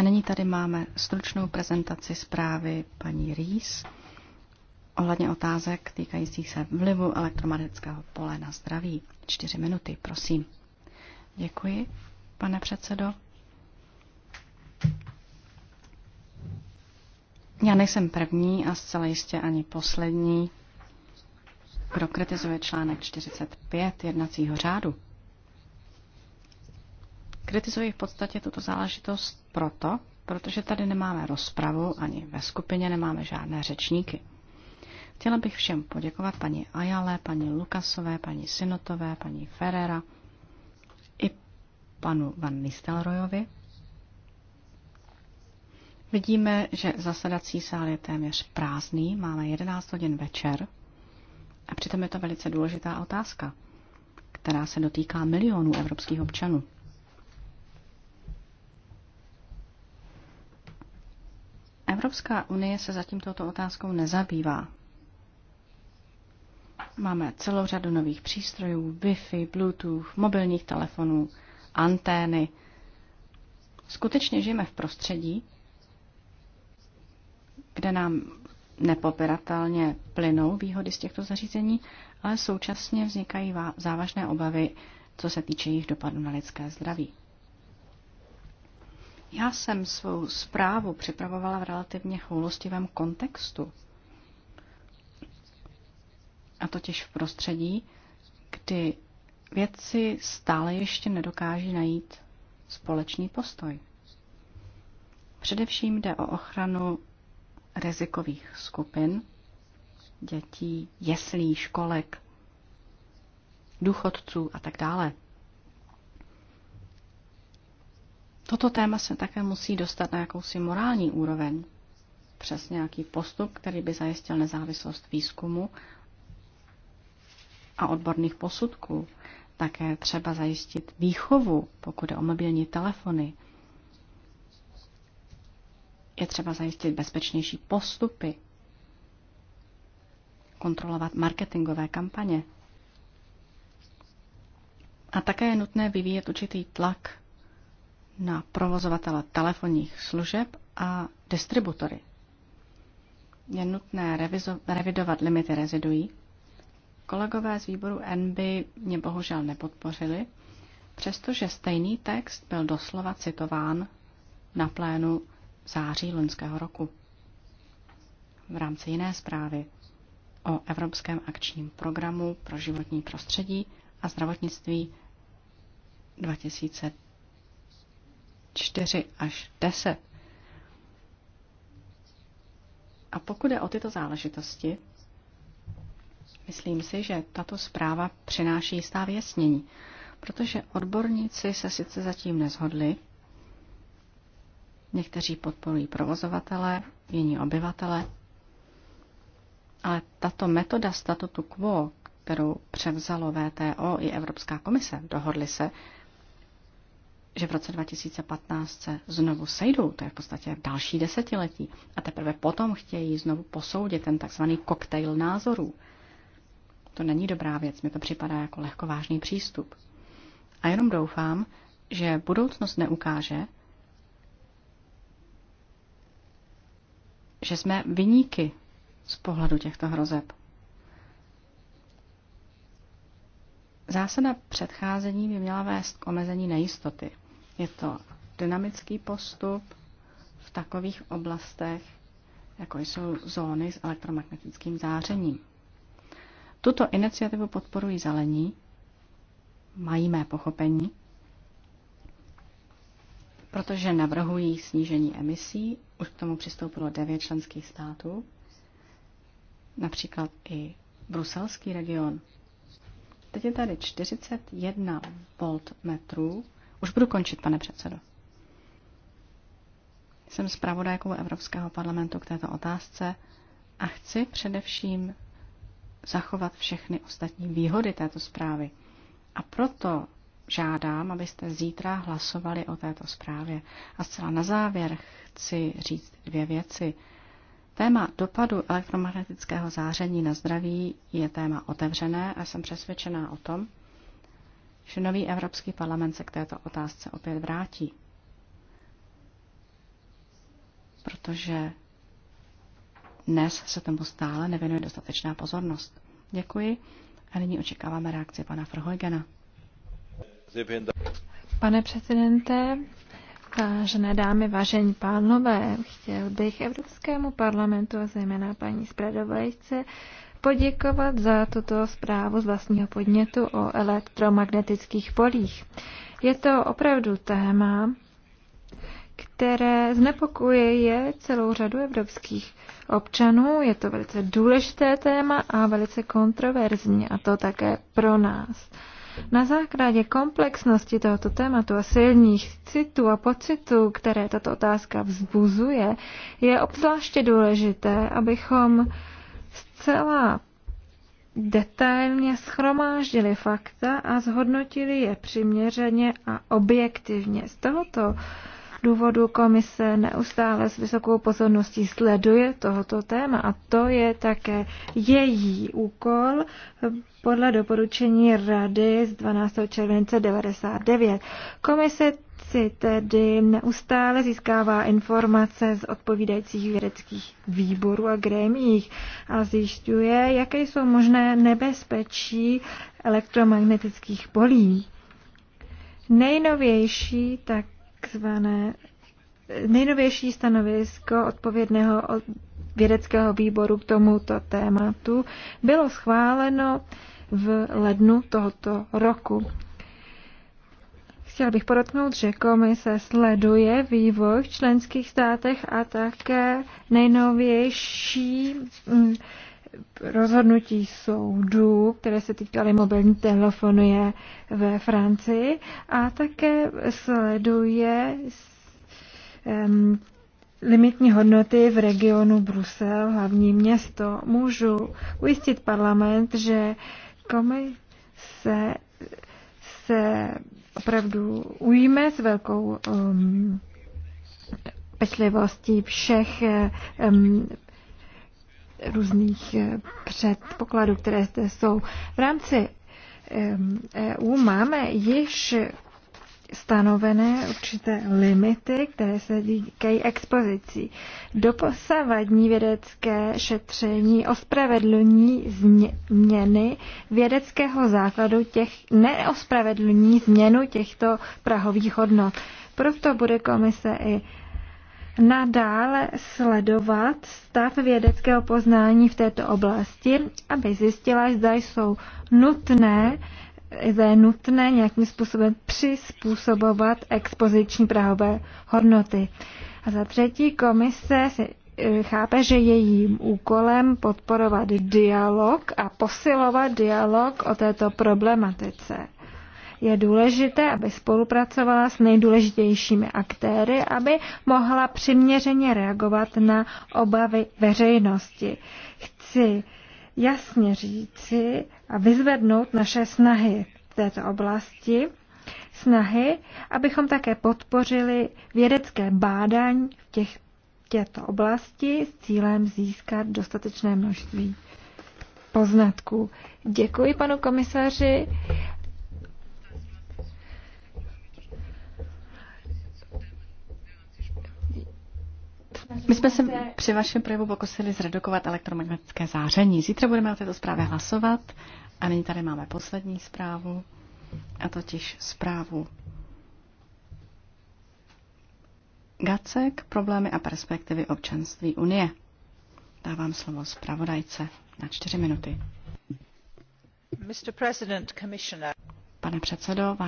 A nyní tady máme stručnou prezentaci zprávy paní Rýs ohledně otázek týkajících se vlivu elektromagnetického pole na zdraví. Čtyři minuty, prosím. Děkuji, pane předsedo. Já nejsem první a zcela jistě ani poslední, kdo kritizuje článek 45 jednacího řádu. Kritizuji v podstatě tuto záležitost proto, protože tady nemáme rozpravu, ani ve skupině nemáme žádné řečníky. Chtěla bych všem poděkovat paní Ajale, paní Lukasové, paní Sinotové, paní Ferrera i panu Van Nistelrojovi. Vidíme, že zasedací sál je téměř prázdný, máme 11 hodin večer a přitom je to velice důležitá otázka, která se dotýká milionů evropských občanů. Evropská unie se zatím touto otázkou nezabývá. Máme celou řadu nových přístrojů, Wi-Fi, Bluetooth, mobilních telefonů, antény. Skutečně žijeme v prostředí, kde nám nepopiratelně plynou výhody z těchto zařízení, ale současně vznikají závažné obavy, co se týče jejich dopadu na lidské zdraví. Já jsem svou zprávu připravovala v relativně choulostivém kontextu. A totiž v prostředí, kdy vědci stále ještě nedokáží najít společný postoj. Především jde o ochranu rizikových skupin, dětí, jeslí, školek, důchodců a tak dále. Toto téma se také musí dostat na jakousi morální úroveň přes nějaký postup, který by zajistil nezávislost výzkumu a odborných posudků. Také třeba zajistit výchovu, pokud je o mobilní telefony. Je třeba zajistit bezpečnější postupy, kontrolovat marketingové kampaně. A také je nutné vyvíjet určitý tlak na provozovatele telefonních služeb a distributory. Je nutné revidovat limity reziduí. Kolegové z výboru NB mě bohužel nepodpořili, přestože stejný text byl doslova citován na plénu září loňského roku v rámci jiné zprávy o Evropském akčním programu pro životní prostředí a zdravotnictví 2000. 4 až 10. A pokud je o tyto záležitosti, myslím si, že tato zpráva přináší jistá věsnění, protože odborníci se sice zatím nezhodli, někteří podporují provozovatele, jiní obyvatele, ale tato metoda statutu quo, kterou převzalo VTO i Evropská komise, dohodli se, že v roce 2015 se znovu sejdou, to je v podstatě další desetiletí, a teprve potom chtějí znovu posoudit ten takzvaný koktejl názorů. To není dobrá věc, mi to připadá jako lehkovážný přístup. A jenom doufám, že budoucnost neukáže, že jsme vyníky z pohledu těchto hrozeb. Zásada předcházení by měla vést k omezení nejistoty. Je to dynamický postup v takových oblastech, jako jsou zóny s elektromagnetickým zářením. Tuto iniciativu podporují zelení, mají mé pochopení, protože navrhují snížení emisí, už k tomu přistoupilo devět členských států, například i bruselský region Teď je tady 41 voltmetrů. Už budu končit, pane předsedo. Jsem zpravodajkou Evropského parlamentu k této otázce a chci především zachovat všechny ostatní výhody této zprávy. A proto žádám, abyste zítra hlasovali o této zprávě. A zcela na závěr chci říct dvě věci. Téma dopadu elektromagnetického záření na zdraví je téma otevřené a jsem přesvědčená o tom, že nový Evropský parlament se k této otázce opět vrátí. Protože dnes se tomu stále nevěnuje dostatečná pozornost. Děkuji a nyní očekáváme reakci pana Frhojgena. Pane prezidente, Vážené dámy, vážení pánové, chtěl bych Evropskému parlamentu a zejména paní Spradovajce poděkovat za tuto zprávu z vlastního podnětu o elektromagnetických polích. Je to opravdu téma, které je celou řadu evropských občanů. Je to velice důležité téma a velice kontroverzní, a to také pro nás. Na základě komplexnosti tohoto tématu a silných citů a pocitů, které tato otázka vzbuzuje, je obzvláště důležité, abychom zcela detailně schromáždili fakta a zhodnotili je přiměřeně a objektivně. Z tohoto důvodu komise neustále s vysokou pozorností sleduje tohoto téma a to je také její úkol podle doporučení Rady z 12. července 1999. Komise si tedy neustále získává informace z odpovídajících vědeckých výborů a grémích a zjišťuje, jaké jsou možné nebezpečí elektromagnetických polí. Nejnovější tak takzvané nejnovější stanovisko odpovědného vědeckého výboru k tomuto tématu bylo schváleno v lednu tohoto roku. Chtěl bych podotknout, že komise sleduje vývoj v členských státech a také nejnovější mm, rozhodnutí soudů, které se týkaly mobilní telefonie ve Francii a také sleduje um, limitní hodnoty v regionu Brusel, hlavní město. Můžu ujistit parlament, že komise se opravdu ujme s velkou um, pečlivostí všech um, různých eh, předpokladů, které zde jsou. V rámci EU e máme již stanovené určité limity, které se týkají expozicí. Doposavadní vědecké šetření ospravedlní změny vědeckého základu těch neospravedlní změnu těchto prahových hodnot. Proto bude komise i nadále sledovat stav vědeckého poznání v této oblasti, aby zjistila, zda jsou nutné zda je nutné nějakým způsobem přizpůsobovat expoziční prahové hodnoty. A za třetí, komise si eh, chápe, že jejím úkolem podporovat dialog a posilovat dialog o této problematice je důležité, aby spolupracovala s nejdůležitějšími aktéry, aby mohla přiměřeně reagovat na obavy veřejnosti. Chci jasně říci a vyzvednout naše snahy v této oblasti, snahy, abychom také podpořili vědecké bádání v těch, těchto oblasti s cílem získat dostatečné množství poznatků. Děkuji panu komisaři. jsme se při vašem projevu pokusili zredukovat elektromagnetické záření. Zítra budeme o této zprávě hlasovat a nyní tady máme poslední zprávu, a totiž zprávu Gacek, problémy a perspektivy občanství Unie. Dávám slovo zpravodajce na čtyři minuty. Pane předsedo,